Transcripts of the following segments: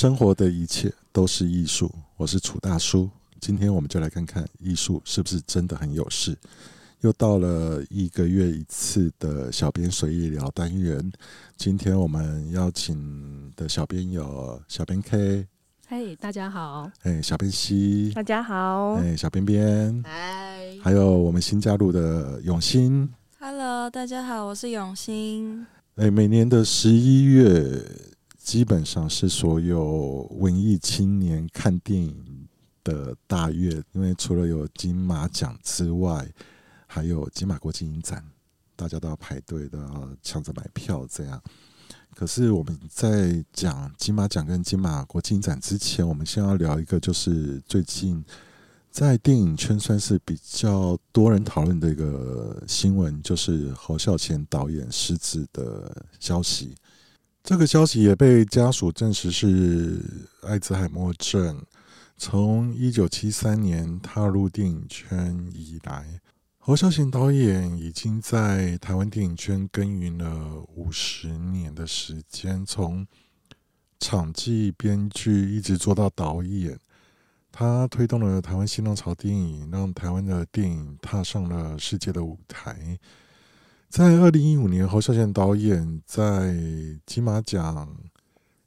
生活的一切都是藝術。我是楚大叔，今天我們就來看看藝術是不是真的很有事。又到了一個月一次的小編隨意聊單元，今天我們邀請的小編有：小編 K，嘿，hey, 大家好；哎、欸，小編 C，大家好；哎、欸，小編編。嗨 Hi，還有我們新加入的永新，Hello，大家好，我是永新。誒、欸，每年的十一月。基本上是所有文藝青年看電影的大月，因為除了有金馬獎之外，還有金馬國際影展，大家都要排隊都要搶着買票這樣。可是我們在講金馬獎跟金馬國際影展之前，我們先要聊一個，就是最近在電影圈算是比較多人討論的一個新聞，就是侯孝賢導演失智的消息。這個消息也被家屬證實是艾滋海默症。從一九七三年踏入電影圈以來，侯孝賢導演已經在台灣電影圈耕耘了五十年的時間，從場記、編劇一直做到導演。他推動了台灣新浪潮電影，讓台灣的電影踏上了世界的舞台。在二零一五年，侯孝賢導演在金馬獎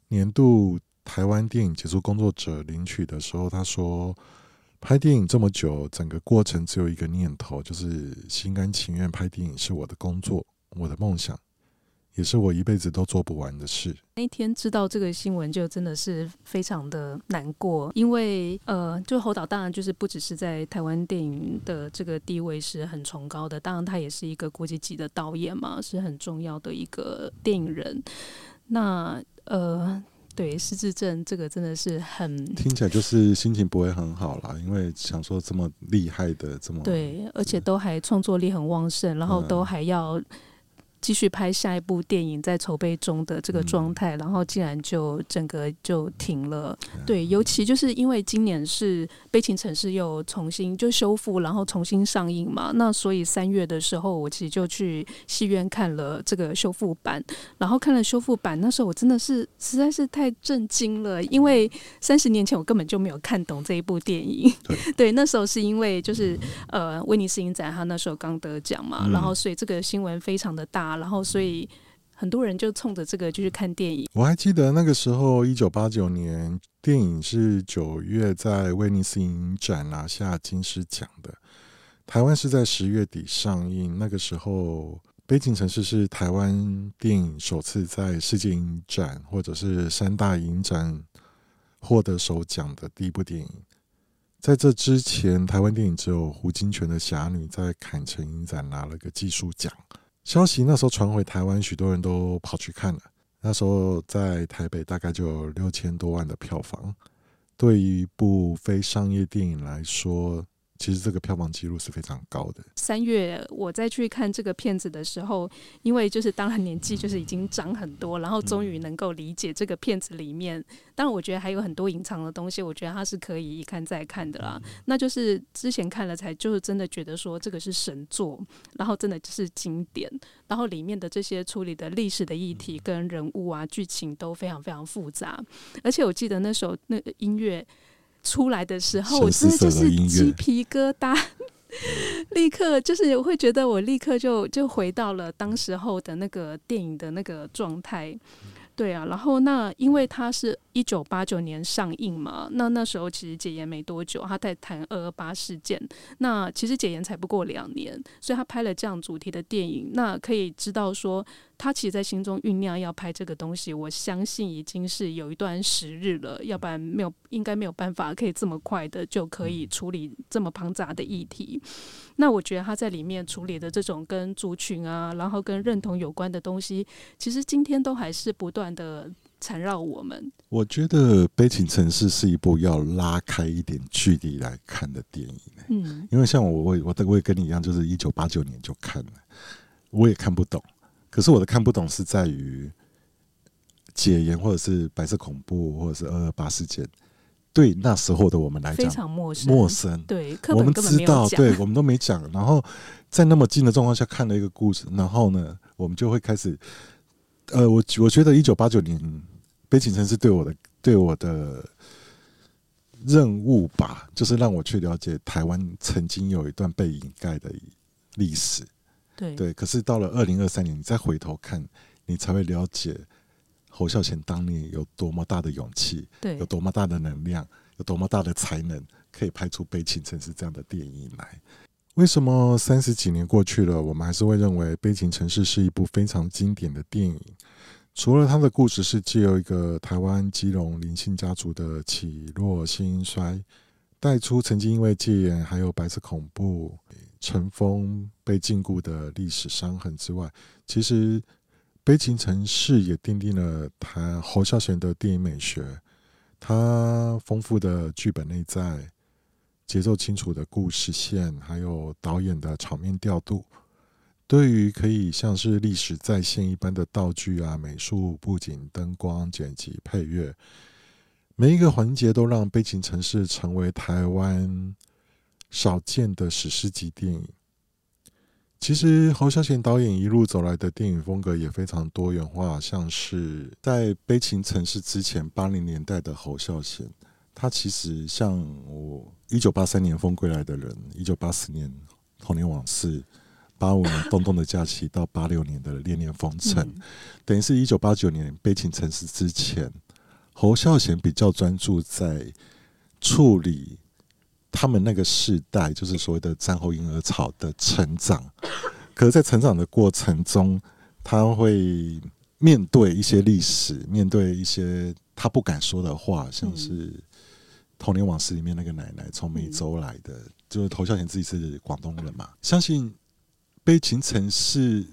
年度台灣電影傑出工作者領取的時候，他說：“拍電影這麼久，整個過程只有一個念頭，就是心甘情願拍電影是我的工作，我的夢想。”也是我一輩子都做不完的事。那一天知道這個新聞，就真的是非常的難過，因為呃，就侯導當然就是不只是在台灣電影的這個地位是很崇高的，當然他也是一個國際級的導演嘛，是很重要的一個電影人。那呃，對，失智症這個真的是很聽起來就是心情不會很好啦，因為想說這麼厲害的，這麼對，而且都還創作力很旺盛，然後都還要。繼續拍下一部電影，在籌備中的這個狀態，嗯、然後竟然就整個就停了。嗯、對，尤其就是因為今年是《悲情城市》又重新就修復，然後重新上映嘛。那所以三月的時候，我其實就去戲院看了這個修復版，然後看了修復版，那時候我真的是實在是太震驚了，因為三十年前我根本就沒有看懂這一部電影。對，對，那時候是因為就是、嗯、呃威尼斯影展，他那時候剛得獎嘛，嗯、然後所以這個新聞非常的大。然後，所以很多人就衝着這個就去看電影。我還記得那個時候1989，一九八九年電影是九月在威尼斯影展拿下金獅獎的，台灣是在十月底上映。那個時候，《悲情城市》是台灣電影首次在世界影展或者是三大影展獲得首獎的第一部電影。在這之前，台灣電影只有胡金銓的《俠女》在坎城影展拿了個技術獎。消息那時候傳回台灣，許多人都跑去看了。那時候在台北大概就有六千多萬的票房，對於一部非商業電影來說。其實這個票房記錄是非常高的。三月我再去看這個片子的時候，因為就是當年紀就是已經長很多，然後終於能夠理解這個片子裡面，當然我覺得還有很多隱藏的東西，我覺得它是可以一看再看的啦。那就是之前看了才就是真的覺得說，這個是神作，然後真的就是經典，然後裡面的這些處理的歷史的議題跟人物啊劇情都非常非常複雜，而且我記得那時候那個音樂。出來的時候，我真的就是雞皮疙瘩，嗯、立刻就是會覺得我立刻就就回到了當時候的那個電影的那個狀態，對啊。然後那因為它是一九八九年上映嘛，那那時候其實解嚴沒多久，他在談二二八事件，那其實解嚴才不過兩年，所以他拍了這樣主題的電影，那可以知道說。他其實，在心中醞釀要拍這個東西，我相信已經是有一段時日了，要不然沒有，應該沒有辦法可以這麼快的就可以處理這麼龐雜的議題。嗯、那我覺得他在裡面處理的這種跟族群啊，然後跟認同有關的東西，其實今天都還是不斷的纏繞我們。我覺得《悲情城市》是一部要拉開一點距離來看的電影。嗯，因為像我，我，我，我也跟你一樣，就是一九八九年就看了，我也看不懂。可是我的看不懂是在於解嚴，或者是白色恐怖，或者是二二八事件，對那時候的我們來講非常陌生。對，我們知道，對我們都沒講。然後在那麼近的狀況下看了一個故事，然後呢，我們就會開始。呃，我我覺得一九八九年《悲情城市》對我的對我的任務吧，就是讓我去了解台灣曾經有一段被掩蓋的歷史。對,對，可是到了二零二三年，你再回頭看，你才會了解侯孝賢當年有多麼大的勇氣，對，有多麼大的能量，有多麼大的才能，可以拍出《悲情城市》這樣的電影來。為什麼三十幾年過去了，我們還是會認為《悲情城市》是一部非常經典的電影？除了它的故事是借由一個台灣基隆林姓家族的起落興衰，帶出曾經因為戒嚴還有白色恐怖。塵封被禁錮的歷史傷痕之外，其實《悲情城市》也奠定了他侯孝賢的電影美學。他豐富的劇本內在、節奏清楚的故事線，還有導演的場面調度，對於可以像是歷史再現一般的道具啊、美術、布景、燈光、剪輯、配樂，每一個環節都讓《悲情城市》成為台灣。少見的史詩級電影。其實侯孝賢導演一路走來的電影風格也非常多元化，像是在《悲情城市》之前，八零年代的侯孝賢，他其實像我一九八三年《風櫃來的人》，一九八四年《童年往事》，八五年《冬冬的假期》到八六年的《戀戀風塵》，等於是一九八九年《悲情城市》之前，侯孝賢比較專注在處理。他們那個世代就是所謂的戰後嬰兒潮的成長，可是，在成長的過程中，他會面對一些歷史，面對一些他不敢說的話，像是《童年往事》裡面那個奶奶從梅州來的，嗯、就是侯孝賢自己是廣東人嘛。相信《悲情城市》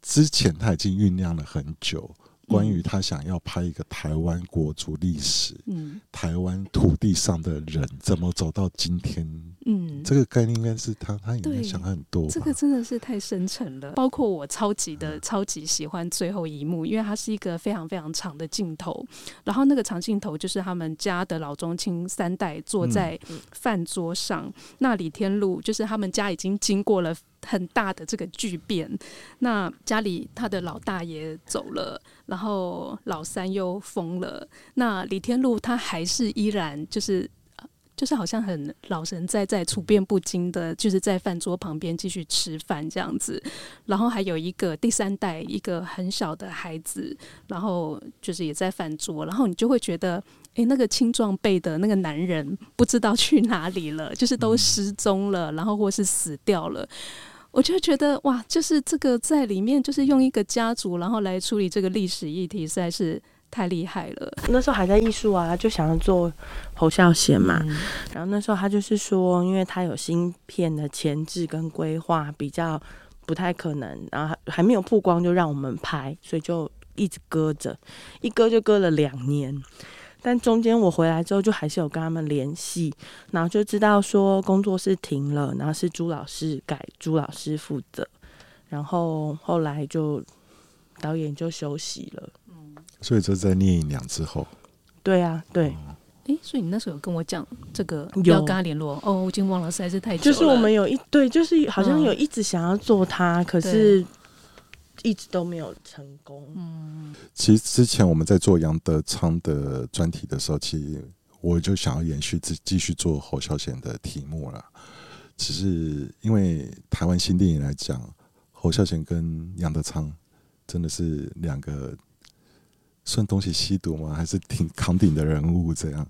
之前他已經醞釀了很久。嗯、關於他想要拍一個台灣國族歷史，嗯，台灣土地上的人怎麼走到今天，嗯，這個概念應該是他，他應該想很多。這個真的是太深沉了，包括我超級的超級喜歡最後一幕，嗯、因為它是一個非常非常長的鏡頭，然後那個長鏡頭就是他們家的老中青三代坐在飯、嗯嗯、桌上，那李天祿就是他們家已經經過了。很大的這個巨變，那家裡他的老大也走了，然後老三又瘋了，那李天祿他還是依然就是，就是好像很老神在在處變不驚的，就是在飯桌旁邊繼續吃飯這樣子，然後還有一個第三代一個很小的孩子，然後就是也在飯桌，然後你就會覺得。哎，那個青壯輩的那個男人不知道去哪裡了，就是都失蹤了，然後或是死掉了。我就覺得哇，就是這個在裡面，就是用一個家族，然後來處理這個歷史議題，實在是太厲害了。那時候還在藝術啊，就想要做侯孝賢嘛。嗯，然後那時候他就是說，因為他有新片的前置跟規劃，比較不太可能，然後還沒有曝光就讓我們拍，所以就一直擱着，一擱就擱了兩年。但中間我回來之後，就還是有跟他們聯繫，然後就知道說工作室停了，然後是朱老師改朱老師負責，然後後來就導演就休息了。嗯、所以這在念一兩之後。對啊，對、嗯欸，所以你那時候有跟我講這個，你要跟他聯絡有哦。我已經忘了，實在是太久了。就是我們有一對，就是好像有一直想要做他，嗯、可是。一直都沒有成功。嗯，其實之前我們在做楊德昌的專題的時候，其實我就想要延續繼續做侯孝賢的題目了。只是因為台灣新電影來講，侯孝賢跟楊德昌真的是兩個算東西吸毒嗎？還是挺扛鼎的人物？這樣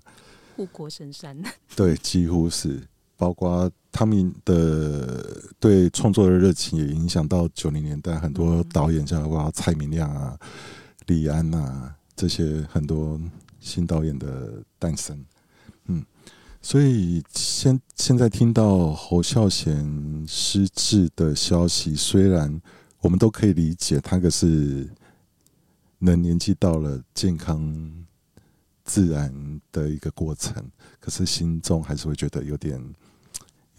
護國神山。對，幾乎是。包括他們的對創作的熱情，也影響到九零年代很多導演，像哇蔡明亮啊、李安啊這些很多新導演的誕生。嗯，所以現現在聽到侯孝賢失智的消息，雖然我們都可以理解，他可是，能年紀到了健康自然的一個過程，可是心中還是會覺得有點。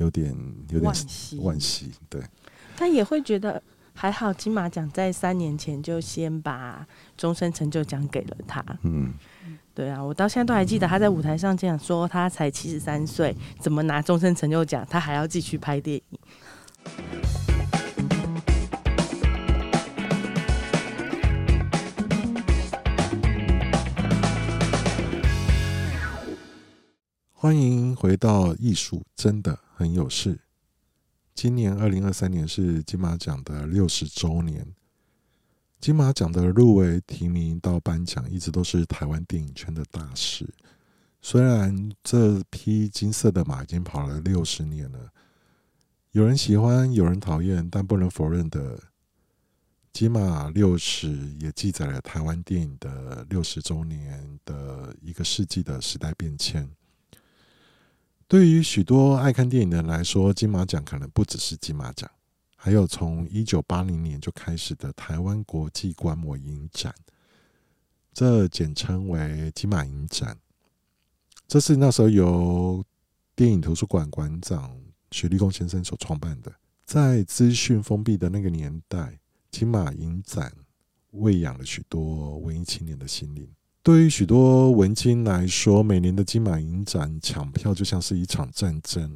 有點有點惋惜，惋惜。對，但也會覺得還好，金馬獎在三年前就先把終身成就獎給了他。嗯，對啊，我到現在都還記得他在舞台上這樣說：“他才七十三歲，怎麼拿終身成就獎？他還要繼續拍電影。”歡迎回到藝術真的。很有事。今年二零二三年是金馬獎的六十周年。金馬獎的入圍、提名到頒獎，一直都是台灣電影圈的大事。雖然這匹金色的馬已經跑了六十年了，有人喜歡，有人討厭，但不能否認的，金馬六十也記載了台灣電影的六十周年的一個世紀的時代變遷。對於許多愛看電影的人來說，金馬獎可能不只是金馬獎，還有從一九八零年就開始的台灣國際觀摩影展，這簡稱為金馬影展。這是那時候由電影圖書館館長徐立功先生所創辦的，在資訊封閉的那個年代，金馬影展餵養了許多文藝青年的心靈。對於許多文青來說，每年的金馬影展搶票就像是一場戰爭。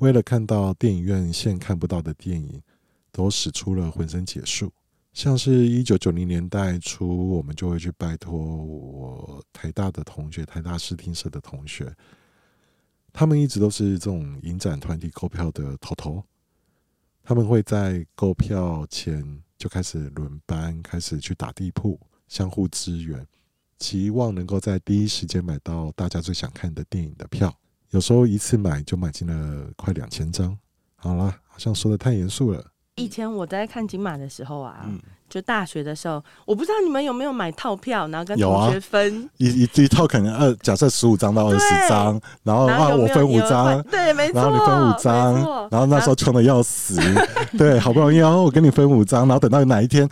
為了看到電影院現看不到的電影，都使出了渾身解數。像是一九九零年代初，我們就會去拜托我台大的同學、台大視聽社的同學，他們一直都是這種影展團體購票的頭頭。他們會在購票前就開始輪班，開始去打地鋪，相互支援。期望能夠在第一時間買到大家最想看的電影的票，有時候一次買就買進了快兩千張。好了，好像說得太嚴肅了。以前我在看金馬的時候啊，就大學的時候，我不知道你們有沒有買套票，然後跟同學分、啊、一一一套，可能二假設十五張到二十張，對然後的話後、啊、我分五張，對，沒錯，然後你分五張，然後那時候窮得要死，啊、對，好不容易哦、啊，我跟你分五張，然後等到哪一天。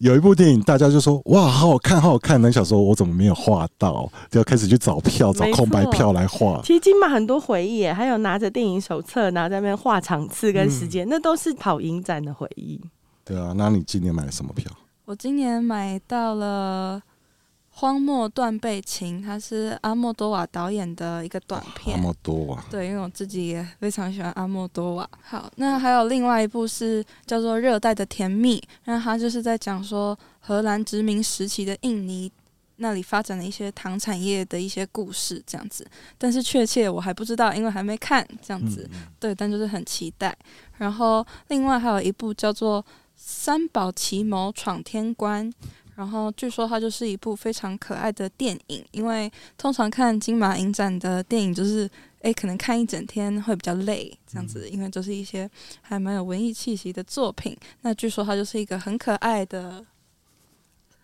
有一部電影，大家就說哇，好、好看，好、好看！那小時候我怎麼沒有畫到？就要開始去找票，找空白票來畫。其實金馬很多回憶誒，還有拿着電影手冊，然後在那邊畫場次跟時間，那都是跑影展的回憶。對啊，那你今年買了什麼票？我今年買到了。荒漠斷背情，它是阿莫多瓦導演的一個短片。啊、阿莫多瓦對，因為我自己也非常喜歡阿莫多瓦。好，那還有另外一部是叫做《熱帶的甜蜜》，那它就是在講說荷蘭殖民時期的印尼那裡發展的一些糖產業的一些故事這樣子。但是確切我還不知道，因為還沒看這樣子。嗯、對，但就是很期待。然後另外還有一部叫做《三寶奇謀闖天關》。然後據說它就是一部非常可愛的電影，因為通常看金馬影展的電影就是，哎，可能看一整天會比較累，這樣子，嗯、因為都是一些還蠻有文藝氣息的作品。那據說它就是一個很可愛的、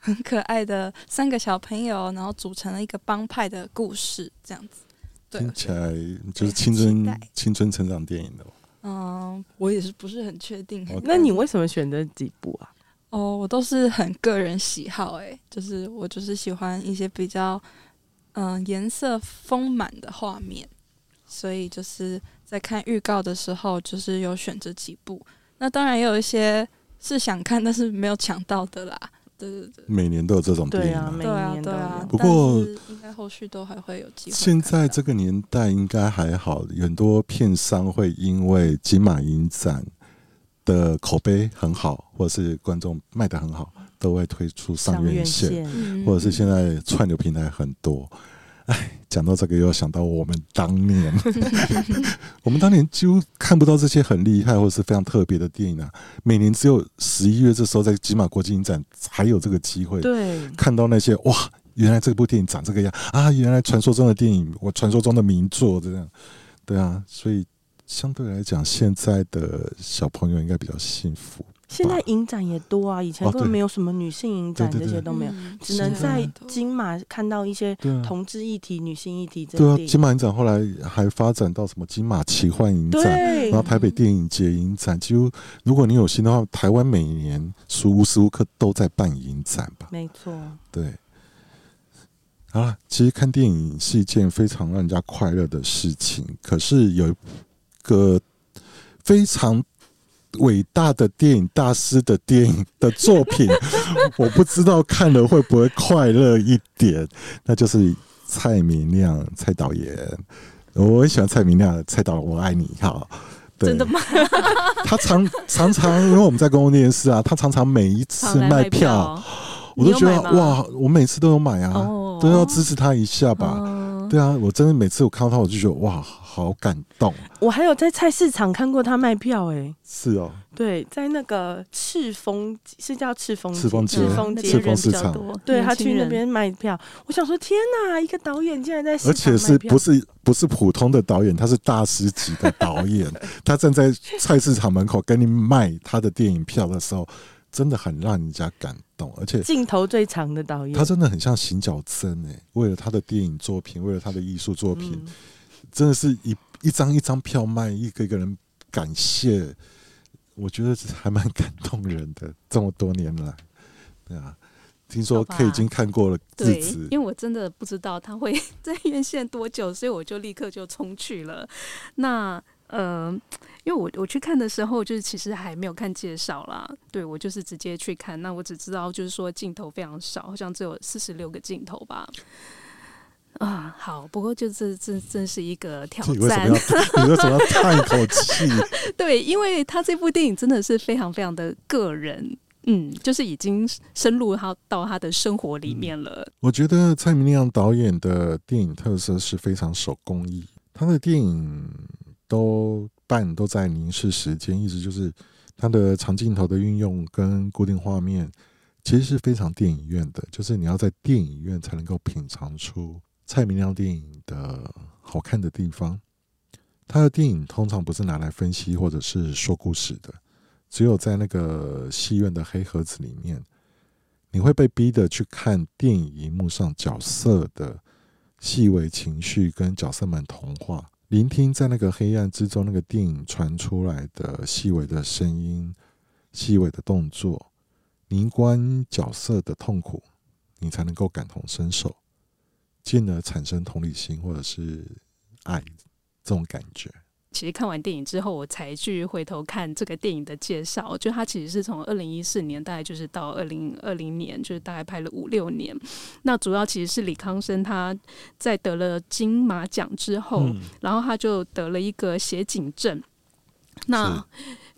很可愛的三個小朋友，然後組成了一個幫派的故事，這樣子。對，聽起來就是青春青春成長電影的。嗯，我也是不是很確定。Okay. 那你為什麼選擇幾部啊？哦，oh, 我都是很個人喜好誒、欸，就是我就是喜歡一些比較嗯、呃、顏色豐滿的畫面，所以就是在看預告的時候，就是有選擇幾部。那當然也有一些是想看，但是沒有搶到的啦。對對對，每年都有這種片，對啊，每年都有。對啊對啊，不過應該後續都還會有機會。現在這個年代應該還好，很多片商會因為金馬影展的口碑很好，或者是觀眾賣得很好，都會推出上院線，院線嗯嗯，或者是現在串流平台很多。哎，講到這個，又要想到我們當年， 我們當年幾乎看不到這些很厲害或者是非常特別的電影啊。每年只有十一月這時候在金馬國際影展才有這個機會，對，看到那些哇，原來這部電影長這個樣啊，原來傳說中的電影，我傳說中的名作這樣，對啊，所以。相對來講，現在的小朋友應該比較幸福。現在影展也多啊，以前根本沒有什麼女性影展，哦、對對對，這些都沒有，嗯、只能在金馬看到一些同志議題、啊、女性議題。對啊，金馬影展後來還發展到什麼金馬奇幻影展，對然後台北電影節影展，幾乎如果你有心的話，台灣每年是無時無刻都在辦影展吧。沒錯，對。啊，其實看電影是一件非常讓人家快樂的事情，可是有。個非常偉大的電影大師的電影的作品，我不知道看了會不會快樂一點。那就是蔡明亮蔡導演，我很喜歡蔡明亮蔡導演，我愛你哈！好，對。真的嗎？ 他常常常因為我們在公共電視啊，他常常每一次賣票，賣票哦，我都覺得哇，我每次都有買啊，Oh. 都要支持他一下吧。Oh. 對啊，我真的每次我看到他，我就覺得哇，好感動。我還有在菜市場看過他賣票，欸，哎、喔，是哦，對，在那個赤峰是叫赤峰、赤峰、赤峰街，赤峰街人比較多，赤峰市場對，他去那邊賣票，我想說天哪、啊，一個導演竟然在，而且是不是，不是普通的導演，他是大師級的導演， 他站在菜市場門口跟你賣他的電影票的時候。真的很讓人家感動，而且鏡頭最長的導演，他真的很像行腳真哎、欸。為了他的電影作品，為了他的藝術作品，嗯、真的是一一張一張票賣，一個一個人感謝。我覺得還蠻感動人的，這麼多年來，對啊。聽說 K 已經看過了字因為我真的不知道他會在院線多久，所以我就立刻就衝去了。那。嗯、呃，因為我我去看的時候，就是其實還沒有看介紹啦，對我就是直接去看。那我只知道，就是說鏡頭非常少，好像只有四十六個鏡頭吧。啊，好，不過就這這真，真是一個挑戰。你為什麼要嘆一口氣？ 對，因為他這部電影真的是非常非常的個人，嗯，就是已經深入他到他的生活裡面了、嗯。我覺得蔡明亮導演的電影特色是非常手工藝，他的電影。都半都在凝視時間，意思就是他的長鏡頭的運用跟固定畫面，其實是非常電影院的。就是你要在電影院才能夠品嘗出蔡明亮電影的好看的地方。他的電影通常不是拿來分析或者是說故事的，只有在那個戲院的黑盒子裡面，你會被逼得去看電影熒幕上角色的細微情緒，跟角色們同化。聆聽在那個黑暗之中，那個電影傳出來的細微的聲音、細微的動作，凝觀角色的痛苦，你才能夠感同身受，進而產生同理心或者是愛這種感覺。其實看完電影之後，我才去回頭看這個電影的介紹，就它其實是從二零一四年，大概就是到二零二零年，就是大概拍了五六年。那主要其實是李康生他在得了金馬獎之後，嗯、然後他就得了一個斜頸症，是那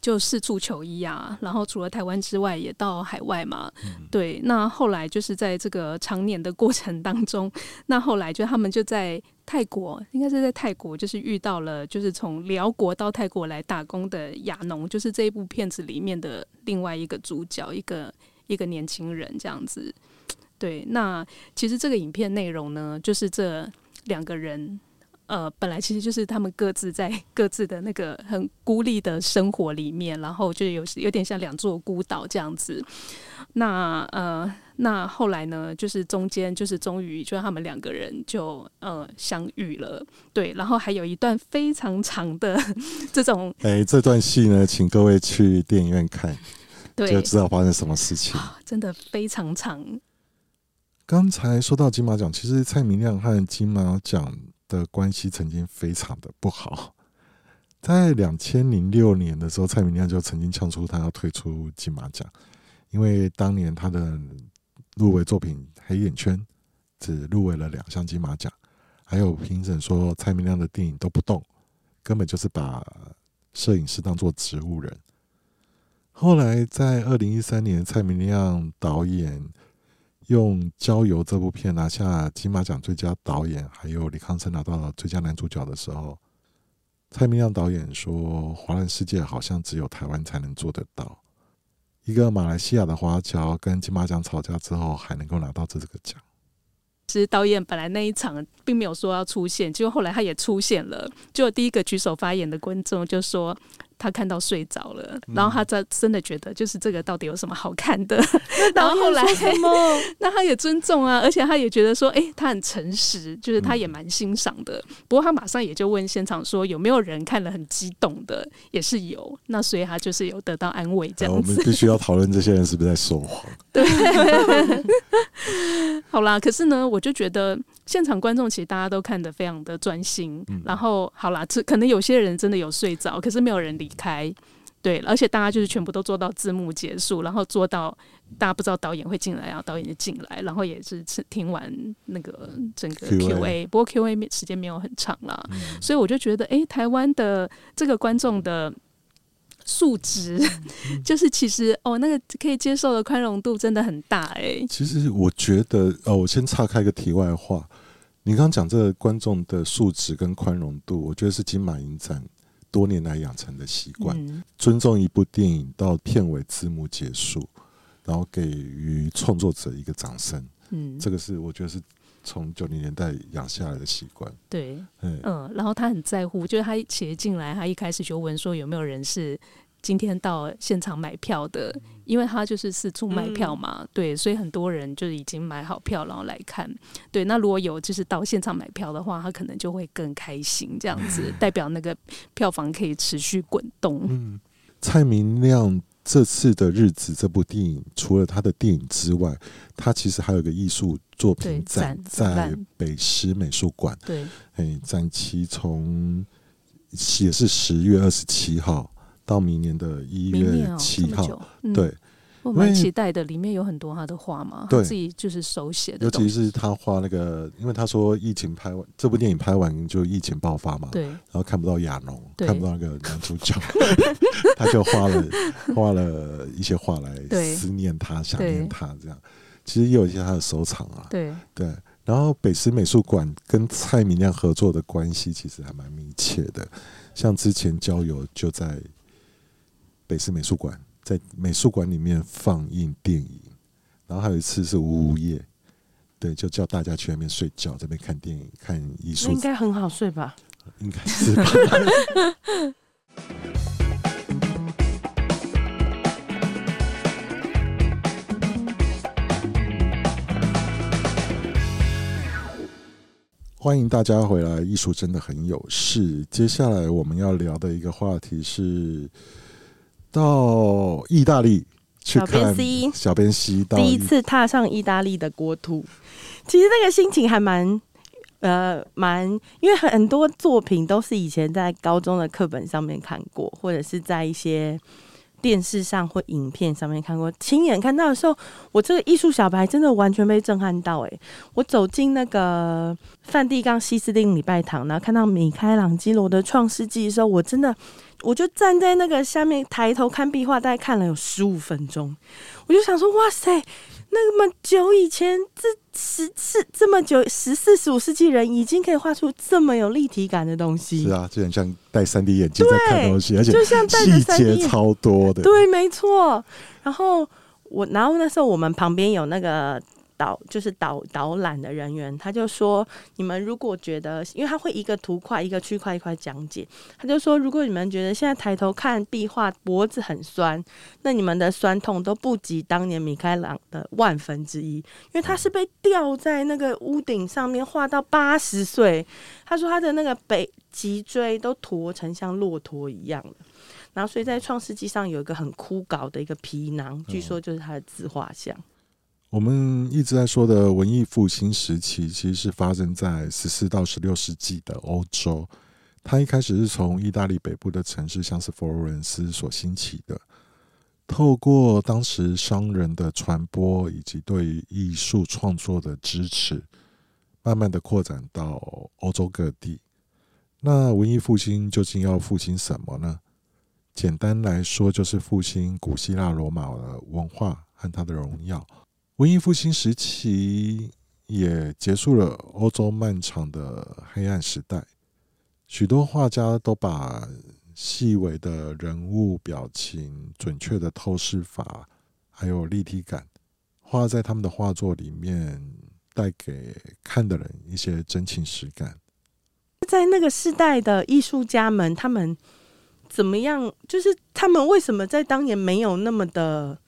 就四處求醫啊。然後除了台灣之外，也到海外嘛。嗯、對，那後來就是在這個長年的過程當中，那後來就他們就在。泰國，應該是在泰國，就是遇到了，就是從寮國到泰國來打工的亞農，就是這一部片子裡面的另外一個主角，一個一個年輕人這樣子。對，那其實這個影片內容呢，就是這兩個人。呃，本來其實就是他們各自在各自的那個很孤立的生活裡面，然後就有有點像兩座孤島這樣子。那呃，那後來呢，就是中間就是終於，就他們兩個人就呃相遇了，對。然後還有一段非常長的 這種，哎、欸，這段戲呢，請各位去電影院看，對就知道發生什麼事情。啊，真的非常長。剛才說到金馬獎，其實蔡明亮和金馬獎。的關係曾經非常的不好。在兩千零六年的時候，蔡明亮就曾經嗆出他要退出金馬獎，因為當年他的入圍作品《黑眼圈》只入圍了兩項金馬獎，還有評審說蔡明亮的電影都不動，根本就是把攝影師當做植物人。後來在二零一三年，蔡明亮導演，用《郊遊》這部片拿下金馬獎最佳導演，還有李康生拿到了最佳男主角的時候，蔡明亮導演說：“華人世界好像只有台灣才能做得到，一個馬來西亞的華僑跟金馬獎吵架之後還能夠拿到這個獎。”其實導演本來那一場並沒有說要出現，結果後來他也出現了，就第一個舉手發言的觀眾就說。他看到睡着了，然後他真的覺得就是這個到底有什麼好看的？嗯、然後後來 那他也尊重啊，而且他也覺得說，哎，他很誠實，就是他也蠻欣賞的。嗯、不過他馬上也就問現場說，有沒有人看了很激動的？也是有，那所以他就是有得到安慰這樣子。啊、我們必須要討論這些人是不是在說謊？對， 好啦，可是呢，我就覺得。現場觀眾其實大家都看得非常的專心，嗯、然後好啦，這可能有些人真的有睡着，可是沒有人離開，對，而且大家就是全部都做到字幕結束，然後做到大家不知道導演會進來，然後導演就進來，然後也是聽完那個整個 Q&A，Q&A 不過 Q&A 時間沒有很長啦，嗯、所以我就覺得，哎、欸，台灣的這個觀眾的。素質就是其實哦，那個可以接受的寬容度真的很大哎、欸。其實我覺得，哦、呃，我先岔開一個題外話。你剛剛講這個觀眾的素質跟寬容度，我覺得是金馬影展多年來養成的習慣，嗯、尊重一部電影到片尾字幕結束，然後給予創作者一個掌聲。嗯，這個是我覺得是。從九零年代養下來的習慣，對，對嗯，然後他很在乎，就是他一企業進來，他一開始就問說有沒有人是今天到現場買票的，因為他就是四處賣票嘛，嗯、對，所以很多人就是已經買好票然後來看，對，那如果有就是到現場買票的話，他可能就會更開心，這樣子 代表那個票房可以持續滾動，嗯，蔡明亮。這次的日子，這部電影除了他的電影之外，他其實還有一個藝術作品展，在北師美術館。對，哎，展期從也是十月二十七號到明年的一月七號。哦嗯、對。我蠻期待的，為裡面有很多他的畫嘛，對，他自己就是手寫的。尤其是他畫那個，因為他說疫情拍完，這部電影拍完就疫情爆發嘛，對，然後看不到亞農，對看不到那個男主角， 他就畫了畫了一些畫來思念他、對想念他這樣。其實也有一些他的收藏啊，對對。然後北師美術館跟蔡明亮合作的關係其實還蠻密切的，像之前郊遊，就在北師美術館。在美術館裡面放映電影，然後還有一次是午夜，嗯、對，就叫大家去外面睡覺，這邊看電影、看藝術，應該很好睡吧？應該是吧。歡迎大家回來，藝術真的很有事。接下來我們要聊的一個話題是。到意大利去看小編西，第一次踏上意大利的國土，其實那個心情還蠻呃蠻，因為很多作品都是以前在高中的課本上面看過，或者是在一些電視上或影片上面看過，親眼看到的時候，我這個藝術小白真的完全被震撼到哎、欸！我走進那個梵蒂岡西斯丁禮拜堂，然後看到米開朗基羅的《創世紀》的時候，我真的。我就站在那個下面，抬頭看壁畫，大概看了有十五分鐘。我就想說，哇塞，那麼久以前，這十四這麼久，十四十五世紀人已經可以畫出這麼有立體感的東西。是啊，就很像戴三 D 眼鏡在看東西，對而且細節超多的。對，沒錯。然後我，然後那時候我們旁邊有那個。導就是導導覽的人員，他就說：“你們如果覺得，因為他會一個圖塊、一個區塊一塊講解，他就說，如果你們覺得現在抬頭看壁畫，脖子很酸，那你們的酸痛都不及當年米開朗的萬分之一，因為他是被吊在那個屋頂上面畫到八十歲。他說他的那個背脊椎都駝成像駱駝一樣，然後所以在《創世紀》上有一個很枯槁的一個皮囊，據說就是他的自畫像。”我們一直在說的文藝復興時期，其實是發生在十四到十六世紀的歐洲。它一開始是從意大利北部的城市，像是佛羅倫斯所興起的，透過當時商人的傳播以及對藝術創作的支持，慢慢的擴展到歐洲各地。那文藝復興究竟要復興什麼呢？簡單來說，就是復興古希臘羅馬的文化和它的榮耀。文藝復興時期也結束了歐洲漫長的黑暗時代，許多畫家都把細微的人物表情、準確的透視法還有立體感畫在他們的畫作裡面，帶給看的人一些真情實感。在那個時代的藝術家們，他們怎麼樣？就是他們為什麼在當年沒有那麼的？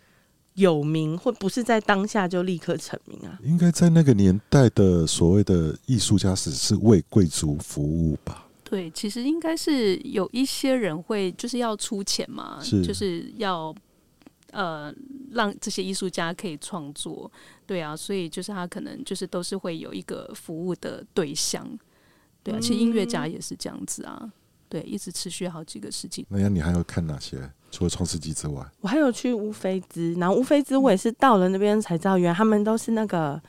有名，或不是在當下就立刻成名啊？應該在那個年代的所謂的藝術家只是是為貴族服務吧？對，其實應該是有一些人會就是要出錢嘛，是就是要呃讓這些藝術家可以創作，對啊，所以就是他可能就是都是會有一個服務的對象，對啊，其實音樂家也是這樣子啊，嗯、對，一直持續好幾個世紀。那要你還要看哪些？除了創世紀之外，我還有去烏菲茲，然後烏菲茲我也是到了那邊才知道，原來他們都是那個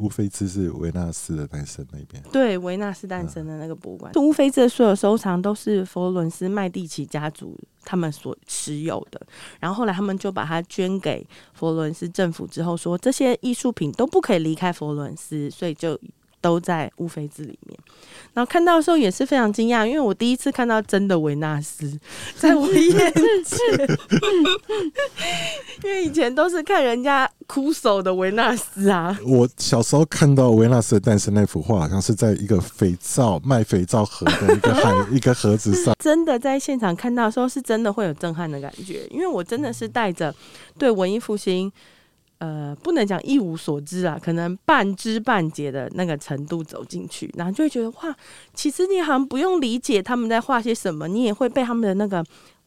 烏菲茲是維納斯的誕生那邊，對維納斯誕生的那個博物館。嗯、就烏菲茲的所有收藏，都是佛倫斯麥蒂奇家族他們所持有的，然後後來他們就把它捐給佛倫斯政府，之後說這些藝術品都不可以離開佛倫斯，所以就。都在烏菲茲裡面，然後看到的時候也是非常驚訝，因為我第一次看到真的維納斯在我的眼前，因為以前都是看人家哭手的維納斯啊。我小時候看到《維納斯的誕生》那幅畫，好像是在一個肥皂賣肥皂盒的一個盒一個盒子上。真的在現場看到的時候，是真的會有震撼的感覺，因為我真的是帶着對文藝復興。呃，不能講一無所知啊，可能半知半解的那個程度走進去，然後就會覺得哇，其實你好像不用理解他們在畫些什麼，你也會被他們的那個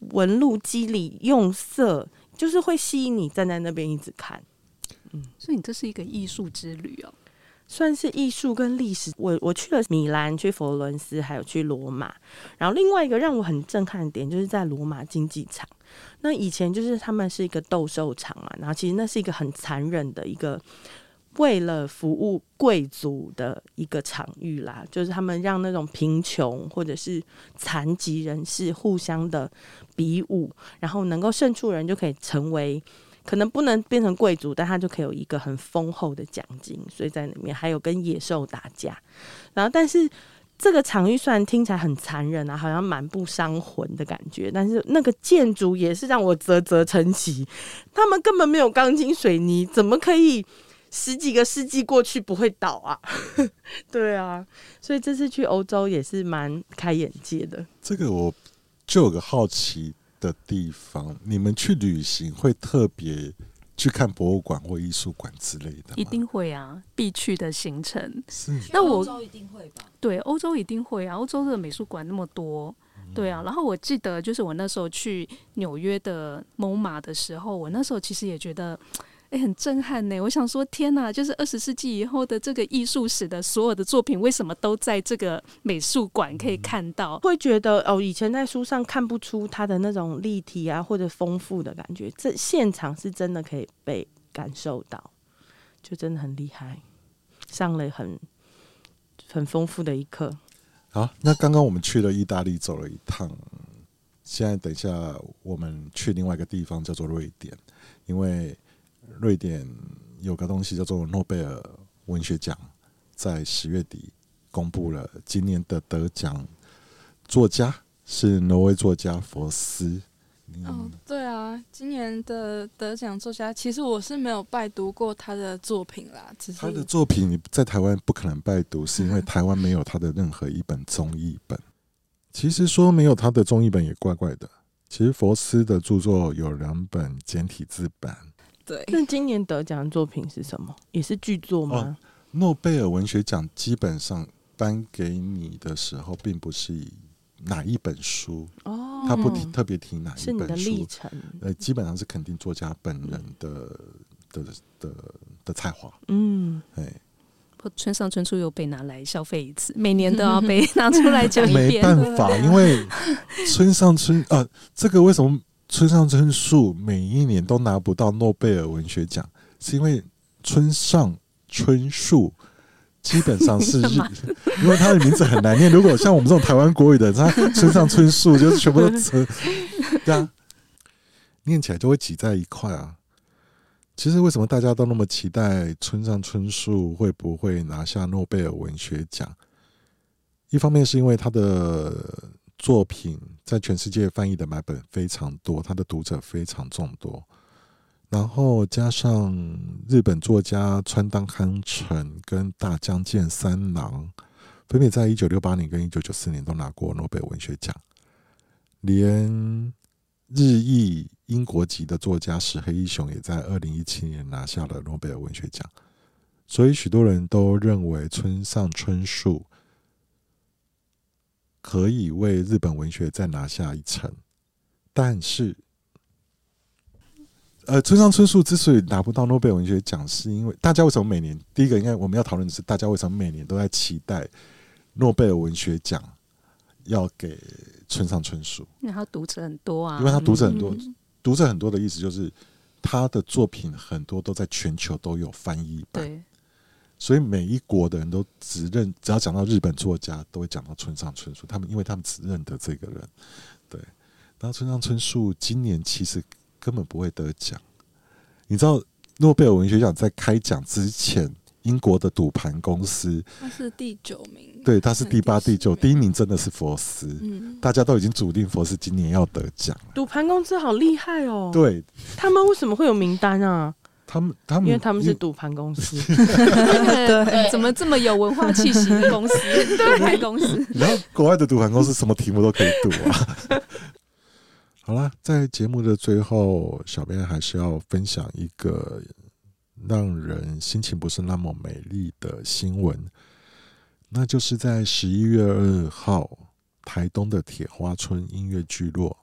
紋路、肌理、用色，就是會吸引你站在那邊一直看。嗯，所以你這是一個藝術之旅哦？嗯、算是藝術跟歷史。我我去了米蘭、去佛羅倫斯，還有去羅馬。然後另外一個讓我很震撼的點，就是在羅馬競技場。那以前就是他們是一個鬥獸場嘛，啊，然後其實那是一個很殘忍的一個為了服務貴族的一個場域啦，就是他們讓那種貧窮或者是殘疾人士互相的比武，然後能夠勝出人就可以成為可能不能變成貴族，但他就可以有一個很豐厚的獎金，所以在裡面還有跟野獸打架，然後但是。這個場域雖然聽起來很殘忍啊，好像蠻不傷魂的感覺，但是那個建築也是讓我嘖嘖稱奇。他們根本沒有鋼筋水泥，怎麼可以十幾個世紀過去不會倒啊？ 對啊，所以這次去歐洲也是蠻開眼界的。這個我就有個好奇的地方，你們去旅行會特別。去看博物館或藝術館之類的，一定會啊，必去的行程。是，那我歐洲一定會吧？對，歐洲一定會啊，歐洲的美術館那麼多，嗯、對啊。然後我記得，就是我那時候去紐約的 MoMA 的時候，我那時候其實也覺得。誒、欸，很震撼呢！我想說，天哪、啊，就是二十世紀以後的這個藝術史的所有的作品，為什麼都在這個美術館可以看到？嗯嗯，會覺得哦，以前在書上看不出它的那種立體啊，或者豐富的感覺，這現場是真的可以被感受到，就真的很厲害，上了很很豐富的一課。好，那剛剛我們去了意大利走了一趟，現在等一下我們去另外一個地方叫做瑞典，因為。瑞典有個東西叫做諾貝爾文學獎，在十月底公布了今年的得獎作家是挪威作家佛斯。嗯、哦，對啊，今年的得獎作家其實我是沒有拜讀過他的作品啦。只是他的作品你在台灣不可能拜讀，是因為台灣沒有他的任何一本中譯本。 其實說沒有他的中譯本也怪怪的。其實佛斯的著作有兩本簡體字版。對，那今年得獎的作品是什麼？也是劇作嗎？諾貝爾文學獎基本上頒給你的時候，並不是以哪一本書哦，他不提，嗯、特別提哪一本書，是你的歷程。呃，基本上是肯定作家本人的、嗯、的的的，的，的才華。嗯，哎嘿，村上春樹又被拿來消費一次，每年都要被 拿出來講一遍，沒辦法，因為村上春啊、 呃，這個為什麼？村上春樹每一年都拿不到諾貝爾文學獎，是因為村上春樹基本上是，因為他的名字很難念。如果像我們這種台灣國語的，他村上春樹就全部都詞對啊，念起來就會擠在一塊啊。其實，為什麼大家都那麼期待村上春樹會不會拿下諾貝爾文學獎？一方面是因為他的。作品在全世界翻譯的版本非常多，它的讀者非常眾多。然後加上日本作家川端康成跟大江健三郎，分別在一九六八年跟一九九四年都拿過諾貝爾文學獎。連日裔英國籍的作家石黑一雄也在二零一七年拿下了諾貝爾文學獎。所以許多人都認為村上春樹。可以為日本文學再拿下一層，但是，呃，村上春樹之所以拿不到諾貝爾文學獎，是因為大家為什麼每年，第一個應該我們要討論的是，大家為什麼每年都在期待諾貝爾文學獎要給村上春樹？因為他讀者很多啊，因為他讀者很多，嗯、讀者很多的意思就是他的作品很多都在全球都有翻譯版。對所以每一國的人都只認，只要講到日本作家，都會講到村上春樹。他們因為他們只認得這個人，對。然後村上春樹今年其實根本不會得獎。你知道諾貝爾文學獎在開獎之前，英國的賭盤公司他是第九名，對，他是第八、第九，第，第一名真的是佛斯。嗯，大家都已經篤定佛斯今年要得獎了。賭盤公司好厲害哦。對。他們為什麼會有名單啊？他們他們因為他們是賭盤公司， 對，怎麼這麼有文化氣息的公司？對，公司。然後國外的賭盤公司什麼題目都可以賭啊。好啦，在節目的最後，小編還是要分享一個讓人心情不是那麼美麗的新聞，那就是在十一月二號，台東的鐵花村音樂聚落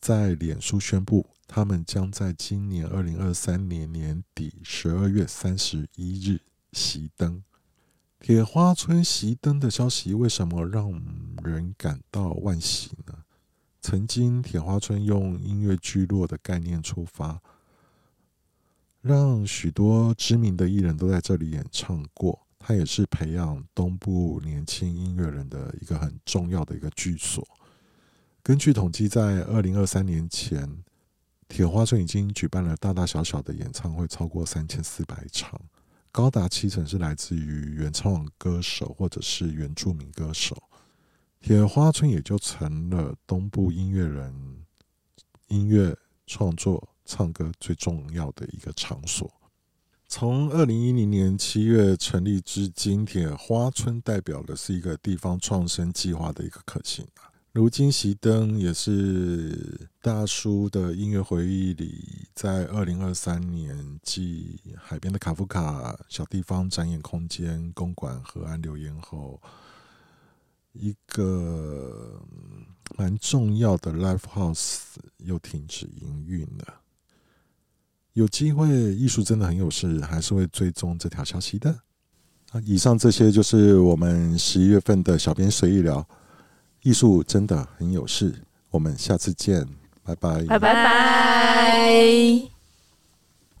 在臉書宣布。他們將在今年二零二三年年底十二月三十一日熄燈。鐵花村熄燈的消息為什麼讓人感到惋惜呢？曾經鐵花村用音樂聚落的概念出發，讓許多知名的藝人都在這裡演唱過。它也是培養東部年輕音樂人的一個很重要的一個居所。根據統計，在二零二三年前。鐵花村已經舉辦了大大小小的演唱會超過三千四百場，高達七成是來自於原創歌手或者是原住民歌手。鐵花村也就成了東部音樂人音樂創作、唱歌最重要的一個場所。從二零一零年七月成立至今，鐵花村代表的是一個地方創生計劃的一個可行。如今，熄燈也是大叔的音樂回憶裡，在二零二三年繼海邊的卡夫卡、小地方展演空間、公館河岸留言後，一個蠻重要的 live house 又停止營運了。有機會，藝術真的很有事，還是會追蹤這條消息的。啊，以上這些就是我們十一月份的小編隨意聊。藝術真的很有事，我們下次見，拜拜。拜拜拜拜。